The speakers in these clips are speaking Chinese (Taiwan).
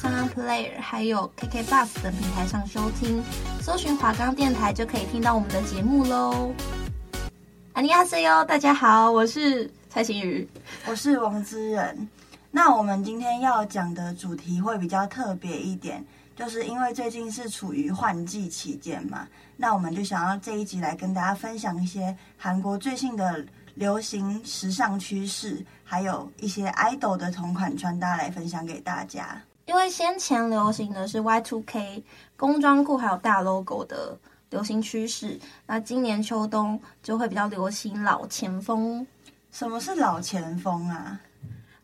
s o Player，還有 KK Bus 等平台上收聽，搜尋華岡電台就可以聽到我們的節目嘍。Ania C.O. 大家好，我是蔡欣妤，我是王姿人。那我們今天要講的主題會比較特別一點，就是因為最近是處於換季期間嘛，那我們就想要這一集來跟大家分享一些韓國最新的流行時尚趨勢，還有一些 idol 的同款穿搭來分享給大家。因為先前流行的是 Y2K 工裝褲，還有大 logo 的流行趨勢，那今年秋冬就會比較流行老錢風。什麼是老錢風啊？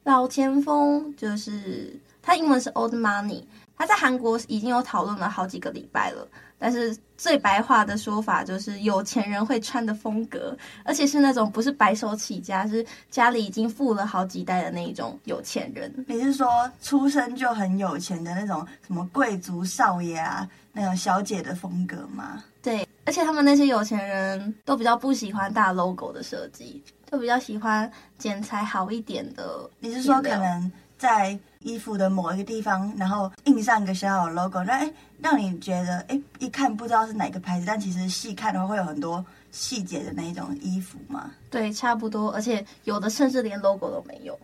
老錢風就是它英文是 old money。他在韓國已經有討論了好幾個禮拜了，但是最白話的說法就是有錢人會穿的風格，而且是那種不是白手起家，是家裡已經富了好幾代的那一種有錢人。你是說出生就很有錢的那種，什麼貴族少爺啊，那種小姐的風格嗎？對，而且他們那些有錢人都比較不喜歡大 logo 的設計，都比較喜歡剪裁好一點的。你是說可能？在衣服的某一個地方，然後印上一個小小的 logo，那哎，讓你覺得哎，一看不知道是哪個牌子，但其實細看的話會有很多細節的那一種衣服嘛？對，差不多，而且有的甚至連 logo 都沒有。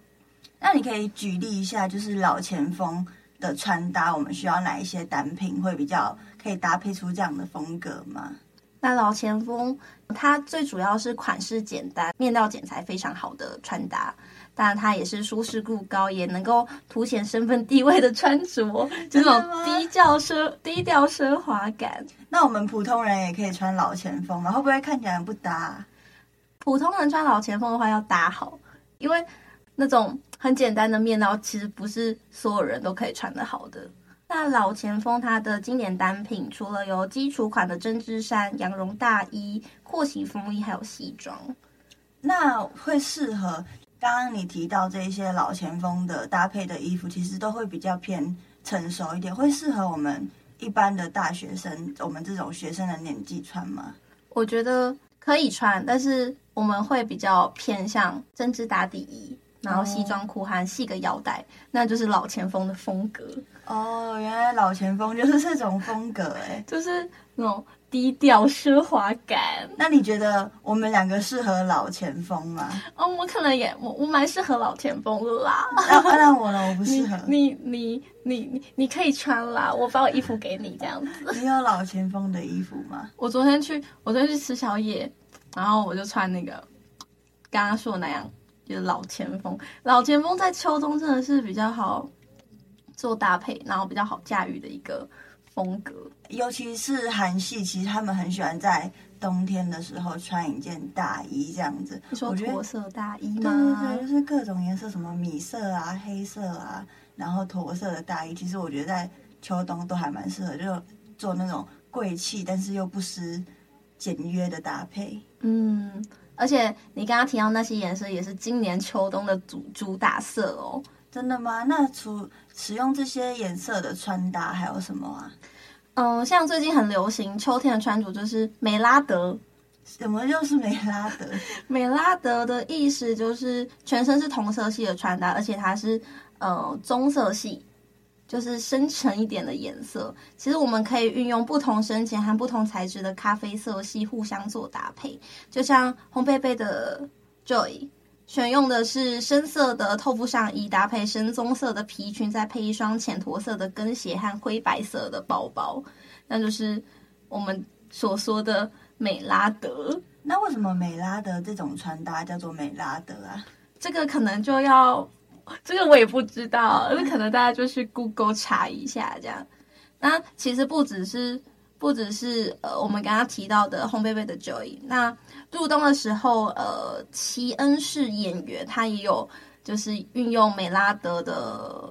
那你可以舉例一下，就是老錢風的穿搭，我們需要哪一些單品會比較可以搭配出這樣的風格嗎？那老錢風它最主要是款式簡單、面料剪裁非常好的穿搭。但它也是舒適度高，也能夠凸顯身份地位的穿着，就那種低調奢，低調奢華感。那我們普通人也可以穿老錢風嗎？會不會看起來不搭？普通人穿老錢風的話要搭好，因為那種很簡單的面料，其實不是所有人都可以穿得好的。那老錢風它的經典單品，除了有基礎款的針織衫、羊絨大衣、廓形風衣，還有西裝，那會適合。剛剛你提到這一些老錢風的搭配的衣服，其實都會比較偏成熟一點，會適合我們一般的大學生，我們這種學生的年紀穿嗎？我覺得可以穿，但是我們會比較偏向針織打底衣。然後西裝褲還繫個腰帶，哦、那就是老錢風的風格哦。原來老錢風就是這種風格哎， 就是那種低調奢華感。那你覺得我們兩個適合老錢風嗎？哦，我可能也我我蠻適合老錢風的啦。那我呢？我不適合。你你你你你可以穿啦，我把我衣服給你這樣子。你有老錢風的衣服嗎？我昨天去，我昨天去吃宵夜，然後我就穿那個剛剛說的那樣。老錢風，老錢風在秋冬真的是比較好做搭配，然後比較好駕馭的一個風格。尤其是韓系，其實他們很喜歡在冬天的時候穿一件大衣這樣子。你說駝色大衣嗎？對，對，對就是各種顏色，什麼米色啊、黑色啊，然後駝色的大衣，其實我覺得在秋冬都還蠻適合，就做那種貴氣但是又不失簡約的搭配。嗯。而且你剛剛提到那些顏色也是今年秋冬的主主打色哦。真的嗎？那除使用這些顏色的穿搭還有什麼啊？嗯，像最近很流行秋天的穿着就是美拉德。怎麼又是美拉德？ 美拉德的意思就是全身是同色系的穿搭，而且它是呃、嗯、棕色系。就是深沉一點的顏色，其實我們可以運用不同深淺和不同材質的咖啡色系互相做搭配，就像 Red Velvet 的 Joy 選用的是深色的透膚上衣搭配深棕色的皮裙，再配一雙淺駝色的跟鞋和灰白色的包包，那就是我們所說的美拉德。那為什麼美拉德這種穿搭叫做美拉德啊？這個可能就要。這個我也不知道，那可，可能大家就去 Google 查一下這樣。那其實不只是不只是呃，我們剛剛提到的 h 貝貝的 Joy，那入冬的時候，呃，齊恩是演員，他也有就是運用美拉德的。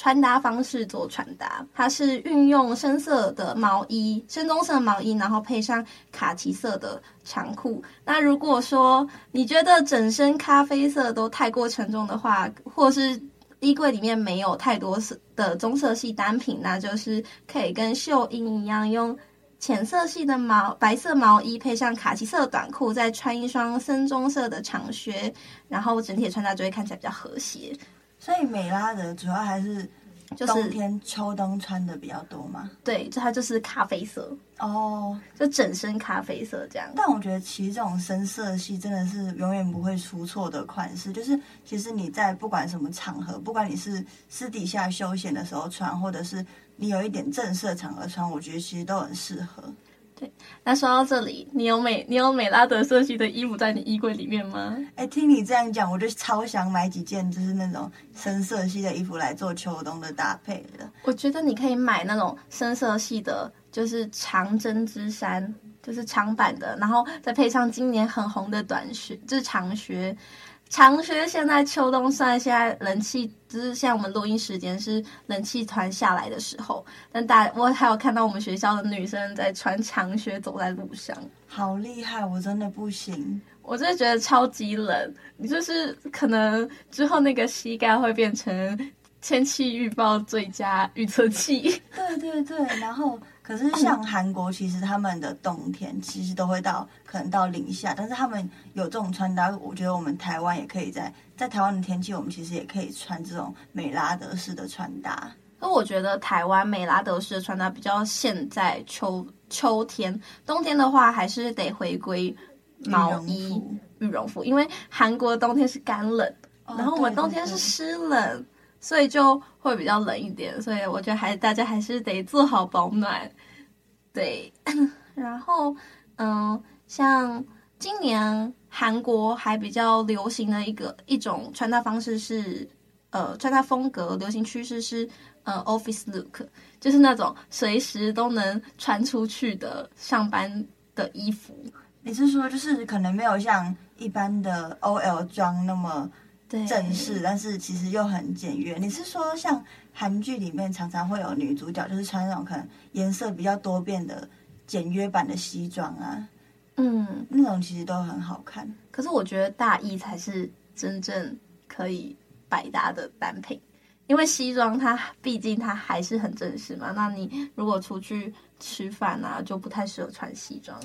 穿搭方式做穿搭，它是運用深色的毛衣，深棕色毛衣，然後配上卡其色的長褲。那如果說你覺得整身咖啡色都太過沉重的話，或是衣櫃裡面沒有太多的棕色系單品，那就是可以跟秀英一樣，用淺色系的毛白色毛衣配上卡其色短褲，再穿一雙深棕色的長靴，然後整體穿搭就會看起來比較和諧。所以美拉德主要還是，就是冬天、秋冬穿的比較多嘛、就是。對，就它就是咖啡色哦，oh, 就整身咖啡色這樣。但我覺得其實這種深色系真的是永遠不會出錯的款式，就是其實你在不管什麼場合，不管你是私底下休閒的時候穿，或者是你有一點正式的場合穿，我覺得其實都很適合。那說到這裡，你有美你有美拉德色系的衣服在你衣櫃裡面嗎？哎，聽你這樣講，我就超想買幾件，就是那種深色系的衣服來做秋冬的搭配的。我覺得你可以買那種深色系的，就是長針織衫，就是長版的，然後再配上今年很紅的短靴，就是長靴。長靴現在秋冬算現在冷氣，就是像我們錄音時間是冷氣團下來的時候，但大我還有看到我們學校的女生在穿長靴走在路上，好厲害。我真的不行，我真的覺得超級冷，你就是可能之後那個膝蓋會變成天氣預報最佳預測器， 對對對，然後。可是像韓國，其實他們的冬天其實都會到可能到零下，但是他們有這種穿搭，我覺得我們台灣也可以在在台灣的天氣，我們其實也可以穿這種美拉德式的穿搭。那我覺得台灣美拉德式的穿搭比較現在秋秋天冬天的話，還是得回歸毛衣羽絨服，羽絨服，因為韓國冬天是乾冷，哦，然後我們冬天是濕冷。啊對對對所以就會比較冷一點，所以我覺得還大家還是得做好保暖。對， 然後嗯，像今年韓國還比較流行的一個一種穿搭方式是，呃，穿搭風格流行趨勢是，呃，office look，就是那種隨時都能穿出去的上班的衣服。你是說就是可能沒有像一般的 OL 裝那麼？對正式，但是其實又很簡約。你是說像韓劇裡面常常會有女主角，就是穿那種可能顏色比較多變的簡約版的西裝啊？嗯，那種其實都很好看。可是我覺得大衣才是真正可以百搭的單品，因為西裝它畢竟它還是很正式嘛。那你如果出去吃飯啊，就不太適合穿西裝。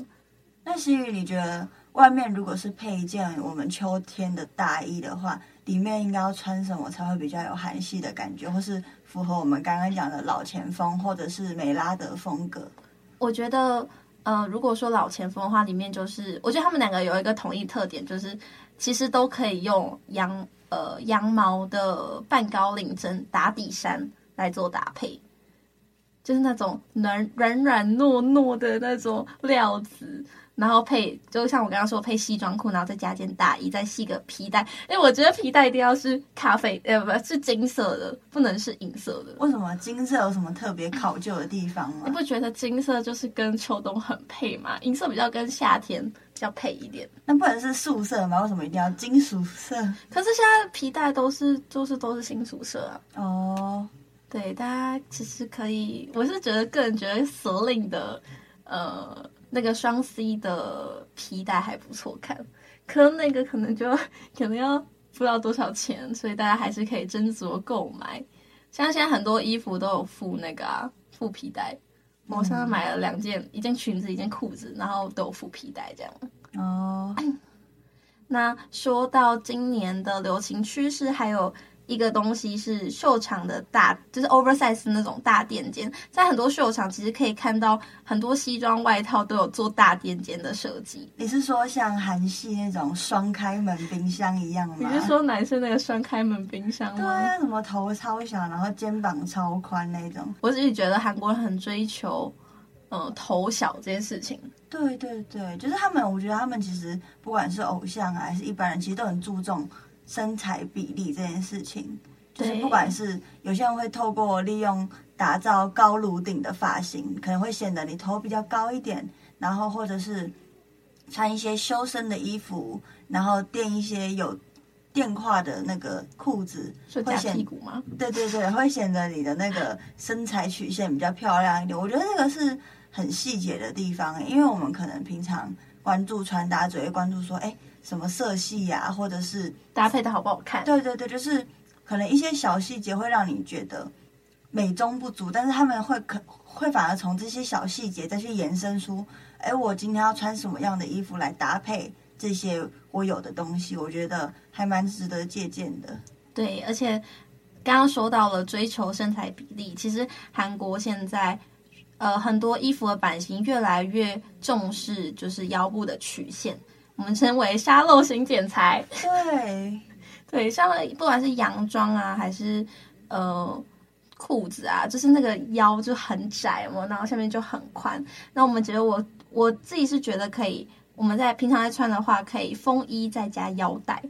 那欣妤你覺得？外面如果是配一件我們秋天的大衣的話，裡面應該要穿什麼才會比較有韓系的感覺，或是符合我們剛剛講的老錢風或者是美拉德風格？我覺得，呃，如果說老錢風的話，裡面就是，我覺得他們兩個有一個統一特點，就是其實都可以用羊呃羊毛的半高領針織打底衫來做搭配，就是那種軟軟軟糯糯的那種料子。然後配，就像我剛剛說，配西裝褲，然後再加件大衣，再繫個皮帶。哎，我覺得皮帶一定要是咖啡，呃、哎，不是金色的，不能是銀色的。為什麼金色有什麼特別考究的地方嗎？你、哎、不覺得金色就是跟秋冬很配嗎？銀色比較跟夏天比較配一點。那不能是素色嗎？為什麼一定要金屬色？可是現在皮帶都是，就是都是金屬色啊。哦，oh. 對，大家其實可以，我是覺得個人覺得 slim 的，呃。那個雙 C 的皮帶還不錯看，可那個可能就可能要不知道多少錢，所以大家還是可以斟酌購買。像現在很多衣服都有附那個、啊、附皮帶，我上次買了兩件，嗯、一件裙子，一件褲子，一件褲子，然後都有附皮帶這樣。哦、哎，那說到今年的流行趨勢，還有。一個東西是秀場的大，就是 oversize 那種大墊肩，在很多秀場其實可以看到很多西裝外套都有做大墊肩的設計。你是說像韓系那種雙開門冰箱一樣嗎？你是說男生那個雙開門冰箱嗎？對啊，什麼頭超小，然後肩膀超寬那一種。我只是覺得韓國人很追求，呃，頭小這件事情。對對對，就是他們，我覺得他們其實不管是偶像還是一般人，其實都很注重。身材比例這件事情，就是不管是有些人會透過利用打造高顱頂的髮型，可能會顯得你頭比較高一點，然後或者是穿一些修身的衣服，然後墊一些有墊胯的那個褲子，會顯屁股嗎？對對對，會顯得你的那個身材曲線比較漂亮一點。我覺得這個是很細節的地方，因為我們可能平常關注穿搭只會關注說，哎。什麼色系呀、啊，或者是搭配的好不好看？對對對，就是可能一些小細節會讓你覺得美中不足，但是他們會可會反而從這些小細節再去延伸出，哎，我今天要穿什麼樣的衣服來搭配這些我有的東西？我覺得還蠻值得借鑑的。對，而且剛剛說到了追求身材比例，其實韓國現在呃很多衣服的版型越來越重視，就是腰部的曲線。我們稱為沙漏型剪裁，對， 對，像不管是洋裝啊，還是呃褲子啊，就是那個腰就很窄嘛，然後下面就很寬。那我們覺得我我自己是覺得可以，我們在平常在穿的話，可以風衣再加腰帶，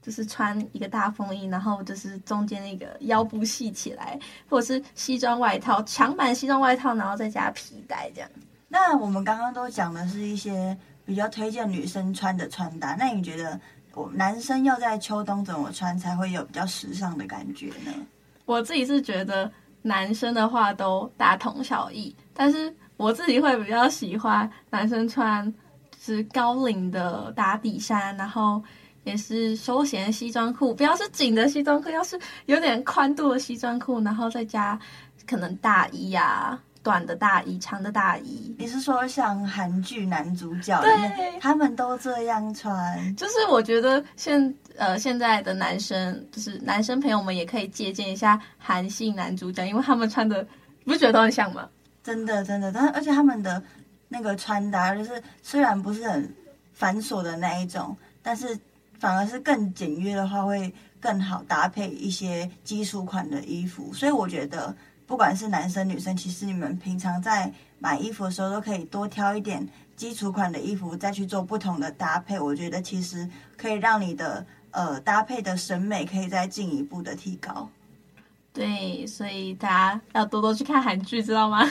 就是穿一個大風衣，然後就是中間那個腰部繫起來，或者是西裝外套，長版西裝外套，然後再加皮帶這樣。那我們剛剛都講的是一些。比較推薦女生穿的穿搭，那你覺得我男生要在秋冬怎麼穿才會有比較時尚的感覺呢？我自己是覺得男生的話都大同小異，但是我自己會比較喜歡男生穿是高領的打底衫，然後也是休閒西裝褲，不要是緊的西裝褲，要是有點寬度的西裝褲，然後再加可能大衣呀、啊。短的大衣，長的大衣，你是說像韓劇男主角？對，他們都這樣穿。就是我覺得現呃現在的男生，就是男生朋友們也可以借鑑一下韓系男主角，因為他們穿的，不覺得都很像嗎？真的，真的。但是而且他們的那個穿搭，就是雖然不是很繁瑣的那一種，但是反而是更簡約的話會更好搭配一些基礎款的衣服。所以我覺得。不管是男生女生，其實你們平常在買衣服的時候都可以多挑一點基礎款的衣服，再去做不同的搭配。我覺得其實可以讓你的呃搭配的審美可以再進一步的提高。對，所以大家要多多去看韓劇，知道嗎？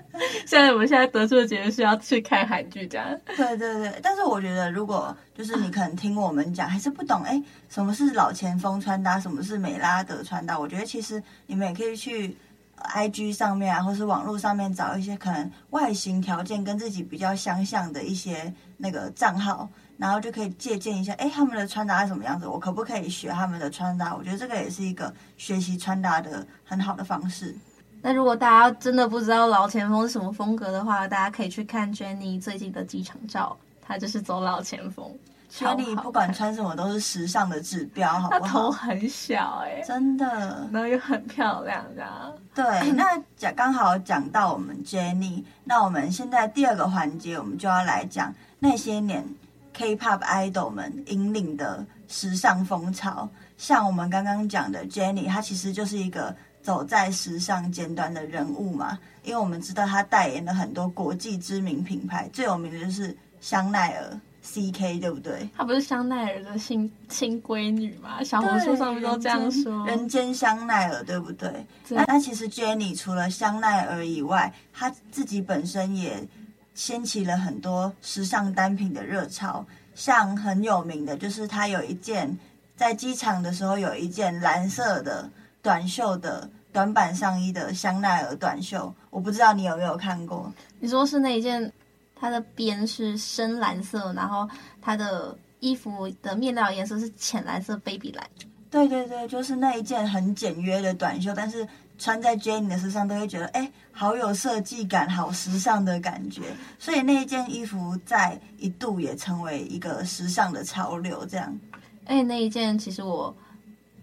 現在我們現在得出的結論是要去看韓劇，這樣。 對對對，但是我覺得如果就是你可能聽我們講還是不懂，哎，什麼是老錢風穿搭，什麼是美拉德穿搭？我覺得其實你們也可以去。IG 上面啊，或是網絡上面找一些可能外形條件跟自己比較相像的一些那個賬號，然後就可以借鑑一下，哎、欸，他們的穿搭是什麼樣子，我可不可以學他們的穿搭？我覺得這個也是一個學習穿搭的很好的方式。那如果大家真的不知道老錢風是什麼風格的話，大家可以去看 Jenny 最近的機場照，他就是走老錢風。Jennie 不管穿什麼都是時尚的指標，好不好？她 頭很小哎、欸，真的，然後又很漂亮，啊，對對，那講剛好講到我們 Jennie，那我們現在第二個環節，我們就要來講那些年 K-pop idol 們引領的時尚風潮。像我們剛剛講的 Jennie，她其實就是一個走在時尚尖端的人物嘛，因為我們知道她代言了很多國際知名品牌，最有名的就是香奈兒。CK 對不對？她不是香奈兒的新親閨女嗎？小紅書上面對都這樣說。人間香奈兒對不對？對。那，那其實 Jennie 除了香奈兒以外，她自己本身也掀起了很多時尚單品的熱潮。像很有名的就是她有一件在機場的時候有一件藍色的短袖的短版上衣的香奈兒短袖，我不知道你有沒有看過。你說是那一件？它的邊是深藍色，然後它的衣服的面料顏色是淺藍色，baby 藍。對對對，就是那一件很簡約的短袖，但是穿在 Jenny 的身上都會覺得，哎，好有設計感，好時尚的感覺。所以那一件衣服在一度也成為一個時尚的潮流，這樣。哎，那一件其實我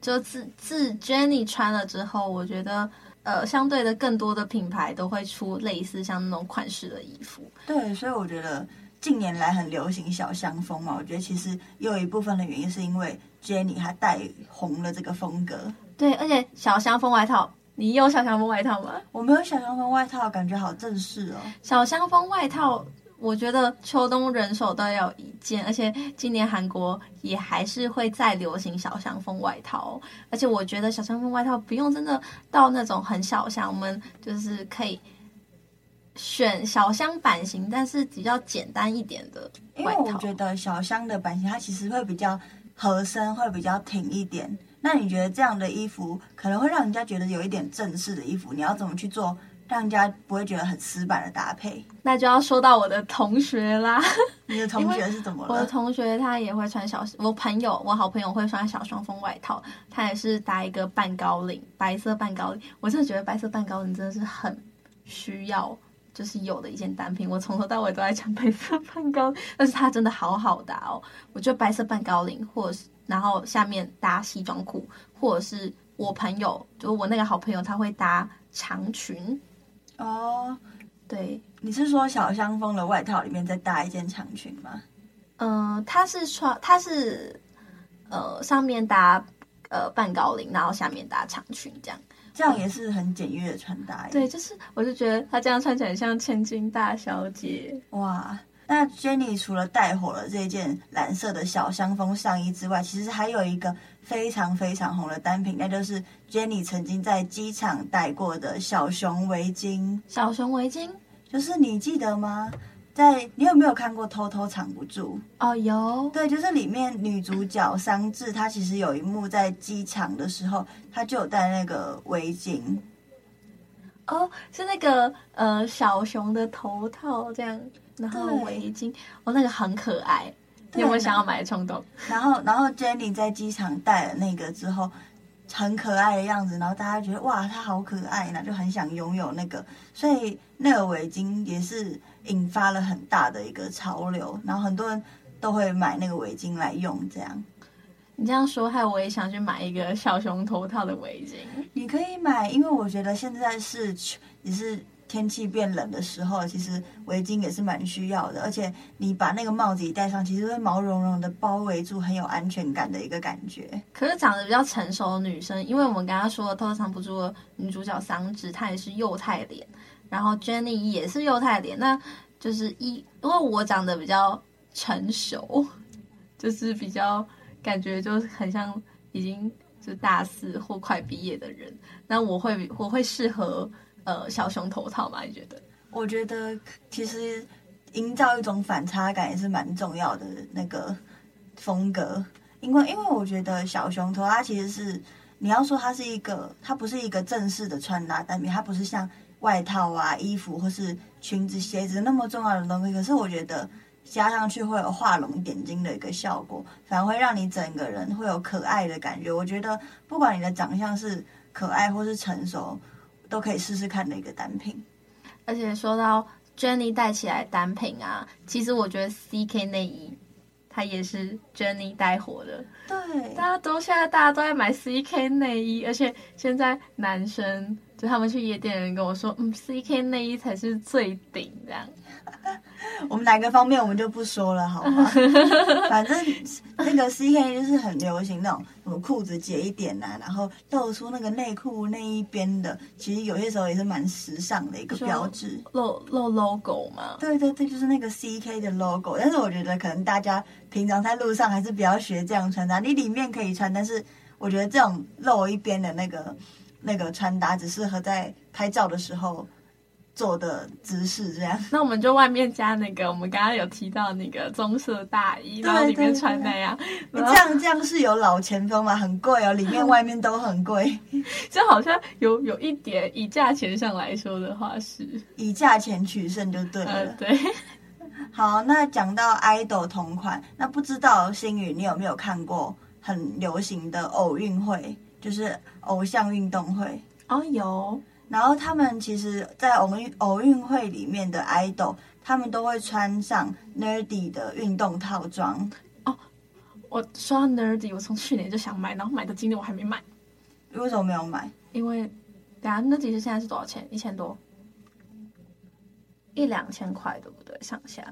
就自自 Jenny 穿了之後，我覺得。呃，相對的，更多的品牌都會出類似像那種款式的衣服。對，所以我覺得近年來很流行小香風嘛，我覺得其實有一部分的原因是因為 Jennie 她帶紅了這個風格。對，而且小香風外套，你有小香風外套嗎？我沒有小香風外套，感覺好正式哦。小香風外套。我覺得秋冬人手都要有一件，而且今年韓國也還是會再流行小香風外套。而且我覺得小香風外套不用真的到那種很小香，我們就是可以選小香版型，但是比較簡單一點的外套。因為我覺得小香的版型它其實會比較合身，會比較挺一點。那你覺得這樣的衣服可能會讓人家覺得有一點正式的衣服，你要怎麼去做？讓人家不會覺得很死板的搭配，那就要說到我的同學啦。你的同學是怎麼了？我的同學他也會穿小，我朋友，我好朋友會穿小香風外套，他也是搭一個半高領，白色半高領。我真的覺得白色半高領真的是很需要，就是有的一件單品。我從頭到尾都在講白色半高領，但是它真的好好搭哦、喔。我覺得白色半高領，或者是然後下面搭西裝褲，或者是我朋友，就我那個好朋友，他會搭長裙。哦，oh, 對，你是說小香風的外套裡面再搭一件長裙嗎？嗯、呃，他是穿，他是，呃，上面搭呃半高領，然後下面搭長裙，這樣，這樣也是很簡約的穿搭、嗯。對，就是，我就覺得她這樣穿起來像千金大小姐。哇，那 Jenny 除了帶火了這件藍色的小香風上衣之外，其實還有一個。非常非常紅的單品，那就是 Jenny 曾經在機場戴過的小熊圍巾。小熊圍巾，就是你記得嗎？在你有沒有看過《偷偷藏不住》？哦，有。對，就是裡面女主角桑稚，她其實有一幕在機場的時候，她就有戴那個圍巾。哦，是那個呃小熊的頭套這樣，然後圍巾，對哦，那個很可愛。我對想要買的衝動。然後，然後 Jennie 在機場戴了那個之後，很可愛的樣子，然後大家覺得哇，她好可愛，那就很想擁有那個。所以那個圍巾也是引發了很大的一個潮流，然後很多人都會買那個圍巾來用。這樣，你這樣說，害我也想去買一個小熊頭套的圍巾。你可以買，因為我覺得現在是也是。天氣變冷的時候，其實圍巾也是蠻需要的。而且你把那個帽子一戴上，其實會毛茸茸的包圍住，很有安全感的一個感覺。可是長得比較成熟的女生，因為我們剛剛說的《偷偷藏不住》女主角桑稚，她也是幼態臉，然後 Jenny 也是幼態臉，那就是一因為我長得比較成熟，就是比較感覺就很像已經就大四或快畢業的人。那我會我會適合，呃，小熊頭套吧。你覺得？我覺得其實營造一種反差感，也是蠻重要的那個風格，因為因為我覺得小熊頭它其實是你要說它是一個，它不是一個正式的穿搭單品，它不是像外套啊、衣服或是裙子、鞋子那麼重要的東西。可是我覺得加上去會有畫龍點睛的一個效果，反而會讓你整個人會有可愛的感覺。我覺得不管你的長相是可愛或是成熟。都可以試試看那個單品，而且說到 Jenny 帶起來單品啊，其實我覺得 CK 內衣，它也是 Jenny 帶火的。對，大家都現在大家都在買 CK 內衣，而且現在男生就他們去夜店的人跟我說，嗯，CK 內衣才是最頂這樣。 我們哪個方面我們就不說了好嗎？ 反正那個 CK 就是很流行那種什麼褲子解一點吶、啊，然後露出那個內褲那一邊的，其實有些時候也是蠻時尚的一個標誌。露露 logo 嗎？對對對，就是那個 CK 的 logo。但是我覺得可能大家平常在路上還是不要學這樣穿搭，你裡面可以穿，但是我覺得這種露一邊的那個那個穿搭只適合在拍照的時候。做的姿勢這樣，那我們就外面加那個，我們剛剛有提到那個棕色大衣，對對對對，然後裡面穿那樣，這樣後這樣是有老錢風嘛？很貴哦，裡面外面都很貴，這 好像有有一點以價錢上來說的話是，以價錢取勝就對了。呃、對，好，那講到 idol 同款，那不知道欣妤你有沒有看過很流行的偶運會，就是偶像運動會哦，有。然後他們其實在，在奧運奧運會裡面的 idol，他們都會穿上 nerdy 的運動套裝。哦，我刷 nerdy，我從去年就想買，然後買到今年我還沒買。你為什麼沒有買？因為，等下 nerdy 現在是多少錢？一千多，一兩千塊，對不對？上下。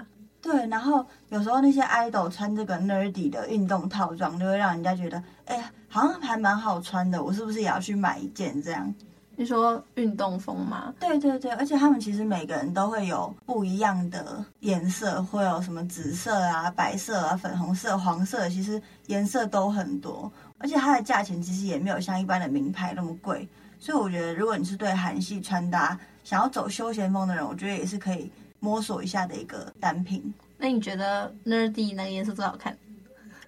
對，然後有時候那些 idol 穿這個 nerdy 的運動套裝，就會讓人家覺得，哎，好像還蠻好穿的，我是不是也要去買一件這樣？你說運動風嗎？對對對，而且他們其實每個人都會有不一樣的顏色，會有什麼紫色啊、白色啊、粉紅色、黃色，其實顏色都很多。而且它的價錢其實也沒有像一般的名牌那麼貴，所以我覺得如果你是對韓系穿搭想要走休閒風的人，我覺得也是可以摸索一下的一個單品。那你覺得 Nerdy 那哪個顏色最好看？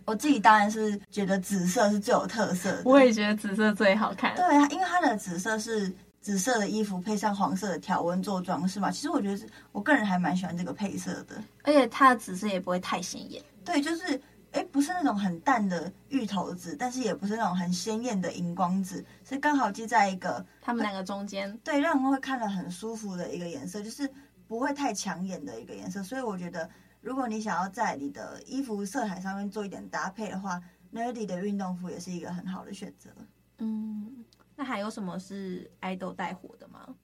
我自己當然是覺得紫色是最有特色的，我也覺得紫色最好看。對啊，因為它的紫色是紫色的衣服配上黃色的條紋做裝飾嘛，其實我覺得是我個人還蠻喜歡這個配色的，而且它的紫色也不會太顯眼。對，就是誒，不是那種很淡的芋頭紫，但是也不是那種很鮮豔的熒光紫，是剛好係在一個他們兩個中間，對，讓人會看得很舒服的一個顏色，就是不會太搶眼的一個顏色，所以我覺得。如果你想要在你的衣服色彩上面做一點搭配的話，Nerdy 的運動服也是一個很好的選擇。嗯，那還有什麼是愛豆帶火的嗎？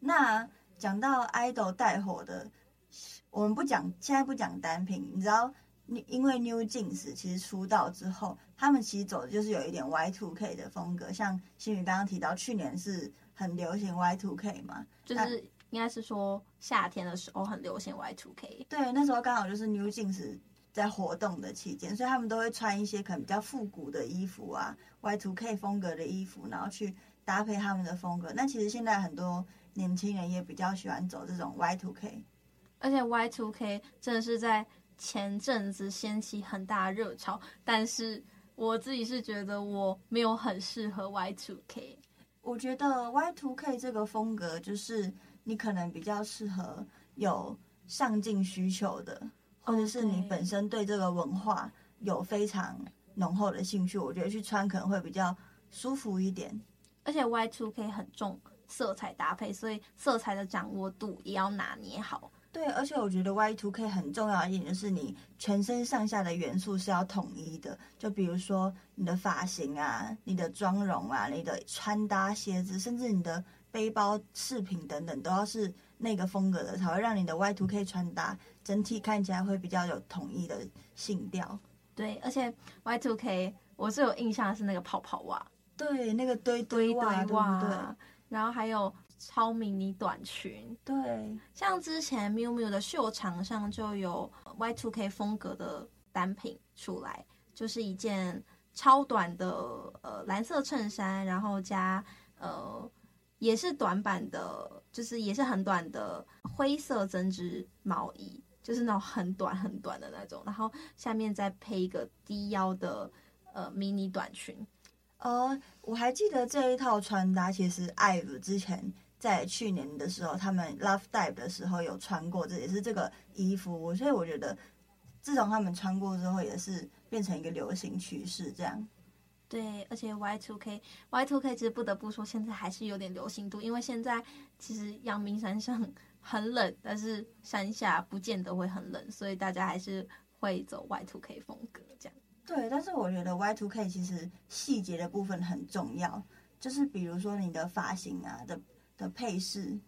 那講到愛豆帶火的，我們不講，現在不講單品。你知道，因為 New Jeans 其實出道之後，他們其實走的就是有一點 Y Two K 的風格。像欣妤剛剛提到，去年是很流行 Y Two K 嘛，就是。應該是說夏天的時候很流行 Y2K，對，那時候剛好就是 New Jeans 在活動的期間，所以他們都會穿一些可能比較復古的衣服啊，Y2K 風格的衣服，然後去搭配他們的風格。那其實現在很多年輕人也比較喜歡走這種 Y2K，而且 Y2K 真的是在前陣子掀起很大熱潮，但是我自己是覺得我沒有很適合 Y2K。我覺得 Y2K 這個風格就是。你可能比較適合有上鏡需求的，或者是你本身對這個文化有非常濃厚的興趣，我覺得去穿可能會比較舒服一點。而且 Y two K 很重色彩搭配，所以色彩的掌握度也要拿捏好。對，而且我覺得 Y two K 很重要一點就是你全身上下的元素是要統一的，就比如說你的髮型啊、你的妝容啊、你的穿搭、鞋子，甚至你的。背包、飾品等等都要是那個風格的，才會讓你的 Y2K 穿搭整體看起來會比較有統一的性調。對，而且 Y2K 我最有印象的是那個泡泡襪，對，那個堆堆堆襪，然後還有超迷你短裙。對，對像之前 Miu Miu 的秀場上就有 Y2K 風格的單品出來，就是一件超短的呃藍色襯衫，然後加呃。也是短版的，就是也是很短的灰色針織毛衣，就是那種很短很短的那種，然後下面再配一個低腰的呃迷你短裙。呃，我還記得這一套穿搭，其實 IVE 之前在去年的時候，他們 Love Dive 的時候有穿過這，這也是這個衣服，我所以我覺得自從他們穿過之後，也是變成一個流行趨勢這樣。對，而且 Y two K，Y two K，其實不得不說，現在還是有點流行度，因為現在其實陽明山上很冷，但是山下不見得會很冷，所以大家還是會走 Y two K 風格這樣。對，但是我覺得 Y two K 其實細節的部分很重要，就是比如說你的髮型啊的的配飾。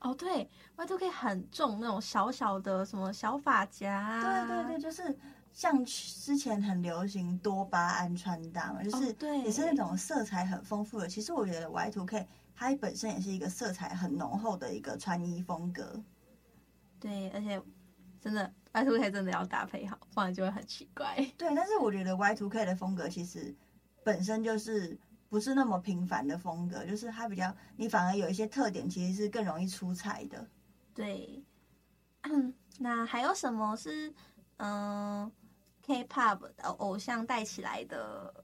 哦，對，Y two K 很重那種小小的什麼小髮夾。對對對，就是。像之前很流行多巴胺穿搭，就是也是那種色彩很豐富的。哦、其實我覺得 Y two K 它本身也是一個色彩很濃厚的一個穿衣風格。對，而且真的 Y two K 真的要搭配好，不然就會很奇怪。對，但是我覺得 Y two K 的風格其實本身就是不是那麼平凡的風格，就是它比較你反而有一些特點，其實是更容易出彩的。對、嗯，那還有什麼是嗯？呃 K-pop 的偶像帶起來的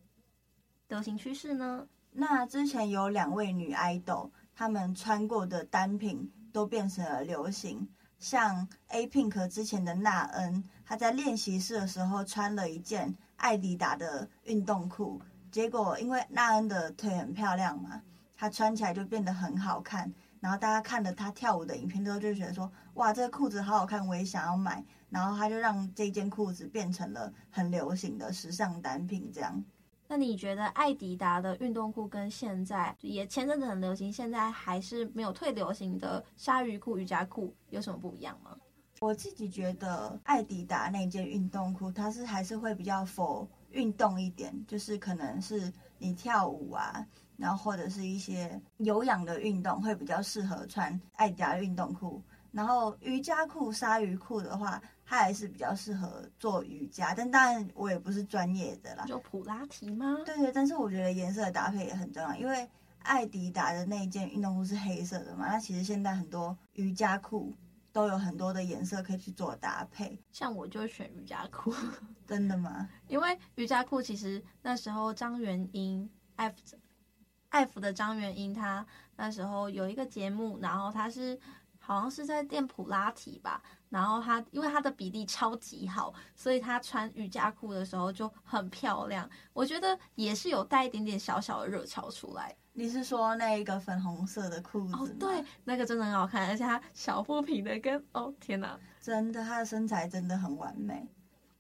流行趨勢呢？那之前有兩位女愛豆，她們穿過的單品都變成了流行。像 A Pink 之前的娜恩，她在練習室的時候穿了一件愛迪達的運動褲，結果因為娜恩的腿很漂亮嘛，她穿起來就變得很好看。然後大家看了他跳舞的影片之後，就覺得說，哇，這個褲子好好看，我也想要買。然後他就讓這件褲子變成了很流行的時尚單品。這樣，那你覺得愛迪達的運動褲跟現在也前陣子很流行，現在還是沒有退流行的鯊魚褲、瑜伽褲有什麼不一樣嗎？我自己覺得愛迪達那件運動褲，它是還是會比較 full。運動一點，就是可能是你跳舞啊，然後或者是一些有氧的運動會比較適合穿艾迪達運動褲。然後瑜伽褲、鯊魚褲的話，它還是比較適合做瑜伽，但當然我也不是專業的啦。就普拉提嗎？對，對對，但是我覺得顏色的搭配也很重要，因為艾迪達的那一件運動褲是黑色的嘛，那其實現在很多瑜伽褲。都有很多的顏色可以去做搭配，像我就選瑜伽褲。 真的嗎？因為瑜伽褲其實那時候張元英 f 愛芙的張元英她那時候有一個節目，然後她是好像是在練普拉提吧，然後她因為她的比例超級好，所以她穿瑜伽褲的時候就很漂亮，我覺得也是有帶一點點小小的熱潮出來。你是說那一個粉紅色的褲子嗎？哦，對，那個真的很好看，而且它小腹平的跟，哦，天哪、啊，真的，她的身材真的很完美。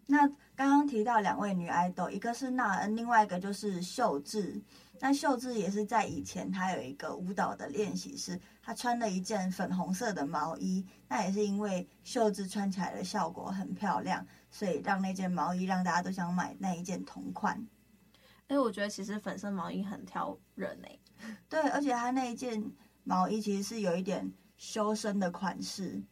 那剛剛提到兩位女愛豆，一個是娜恩、呃，另外一個就是秀智。那秀智也是在以前她有一個舞蹈的練習室，她穿了一件粉紅色的毛衣。那也是因為秀智穿起來的效果很漂亮，所以讓那件毛衣讓大家都想買那一件同款。哎、欸，我覺得其實粉色毛衣很挑人誒、欸。對，而且它那一件毛衣其實是有一點修身的款式，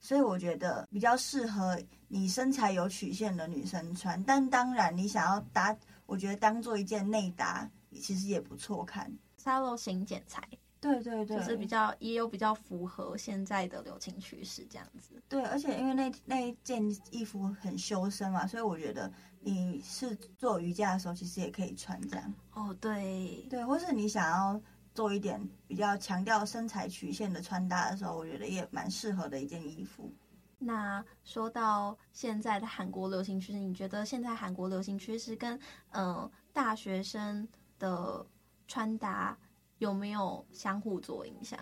所以我覺得比較適合你身材有曲線的女生穿。但當然，你想要搭，我覺得當做一件內搭，其實也不錯看。沙漏型剪裁。對對對，就是比較也有比較符合現在的流行趨勢這樣子。對，而且因為那那一件衣服很修身嘛，所以我覺得你是做瑜伽的時候其實也可以穿這樣。哦，對。對，或是你想要做一點比較強調身材曲線的穿搭的時候，我覺得也蠻適合的一件衣服。那說到現在的韓國流行趨勢，你覺得現在韓國流行趨勢跟嗯、呃、大學生的穿搭？有沒有相互做影響？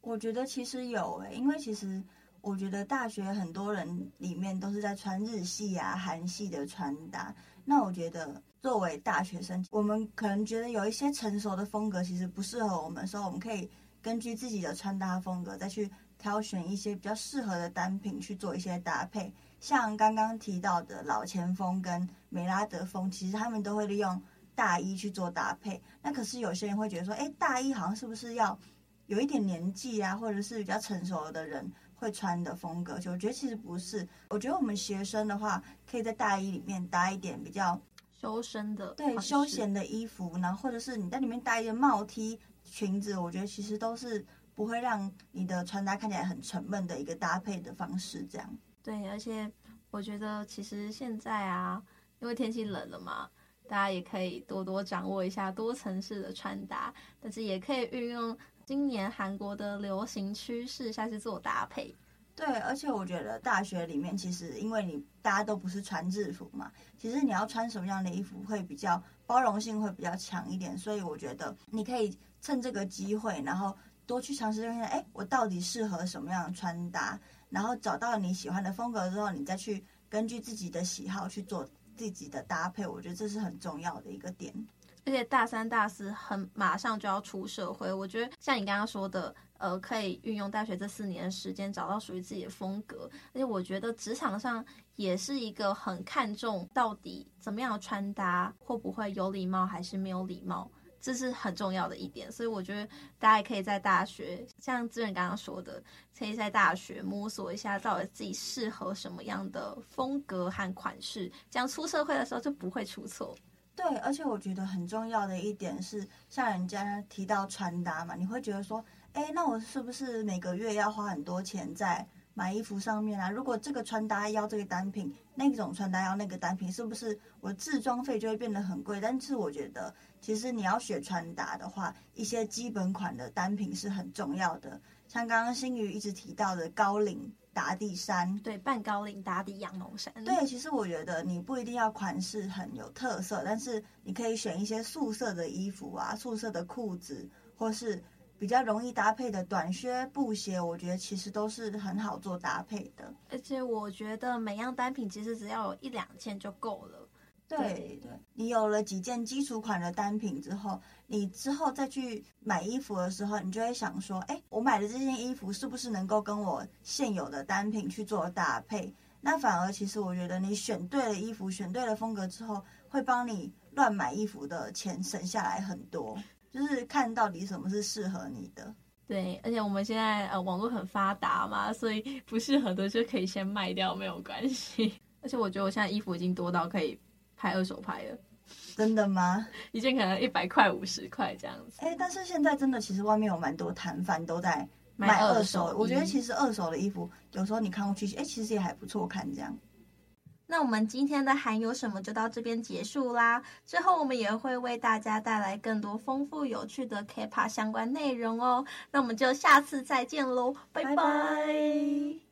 我覺得其實有誒、欸，因為其實我覺得大學很多人裡面都是在穿日系啊、韓系的穿搭。那我覺得作為大學生，我們可能覺得有一些成熟的風格其實不適合我們，所以我們可以根據自己的穿搭風格再去挑選一些比較適合的單品去做一些搭配。像剛剛提到的老錢風跟美拉德風，其實他們都會利用。大衣去做搭配，那可是有些人會覺得說，誒，大衣好像是不是要有一點年紀啊，或者是比較成熟的人會穿的風格？就我覺得其實不是，我覺得我們學生的話，可以在大衣裡面搭一點比較修身的，對，休閒的衣服呢，然後或者是你在裡面搭一個帽 T，裙子，我覺得其實都是不會讓你的穿搭看起來很沉悶的一個搭配的方式，這樣。對，而且我覺得其實現在啊，因為天氣冷了嘛。大家也可以多多掌握一下多層次的穿搭，但是也可以運用今年韓國的流行趨勢下去做搭配。對，而且我覺得大學裡面其實因為你大家都不是穿制服嘛，其實你要穿什麼樣的衣服會比較包容性會比較強一點，所以我覺得你可以趁這個機會，然後多去嘗試一下，哎，我到底適合什麼樣的穿搭？然後找到你喜歡的風格之後，你再去根據自己的喜好去做。自己的搭配，我覺得這是很重要的一個點。而且大三、大四很馬上就要出社會，我覺得像你剛剛說的，呃，可以運用大學這四年的時間，找到屬於自己的風格。而且我覺得職場上也是一個很看重到底怎麼樣的穿搭，會不會有禮貌還是沒有禮貌。這是很重要的一點，所以我覺得大家也可以在大學，像志遠剛剛說的，可以在大學摸索一下到底自己適合什麼樣的風格和款式，這樣出社會的時候就不會出錯。對，而且我覺得很重要的一點是，像人家提到穿搭嘛，你會覺得說，哎，那我是不是每個月要花很多錢在買衣服上面啊，如果這個穿搭要這個單品，那種穿搭要那個單品，是不是我的治裝費就會變得很貴？但是我覺得，其實你要學穿搭的話，一些基本款的單品是很重要的。像剛剛欣妤一直提到的高領打底衫，對，半高領打底羊毛衫。對，其實我覺得你不一定要款式很有特色，但是你可以選一些素色的衣服啊，素色的褲子，或是，比較容易搭配的短靴、布鞋，我覺得其實都是很好做搭配的。而且我覺得每樣單品其實只要有一兩千就夠了。對對，對對，你有了幾件基礎款的單品之後，你之後再去買衣服的時候，你就會想說，哎，我買的這件衣服是不是能夠跟我現有的單品去做搭配？那反而其實我覺得，你選對了衣服、選對了風格之後，會幫你亂買衣服的錢省下來很多。就是看到底什麼是適合你的，對，而且我們現在呃網絡很發達嘛，所以不適合的就可以先賣掉，沒有關係。而且我覺得我現在衣服已經多到可以拍二手拍了，真的嗎？一件可能一百塊、五十塊這樣子。哎、欸，但是現在真的其實外面有蠻多攤販都在賣二手，二手我覺得其實二手的衣服、嗯、有時候你看過去、去，誒、欸，其實也還不錯看這樣。那我們今天的韓有什麼就到這邊結束啦。之後我們也會為大家帶來更多豐富有趣的 Kpop 相關內容哦。那我們就下次再見嘍，拜拜。拜拜。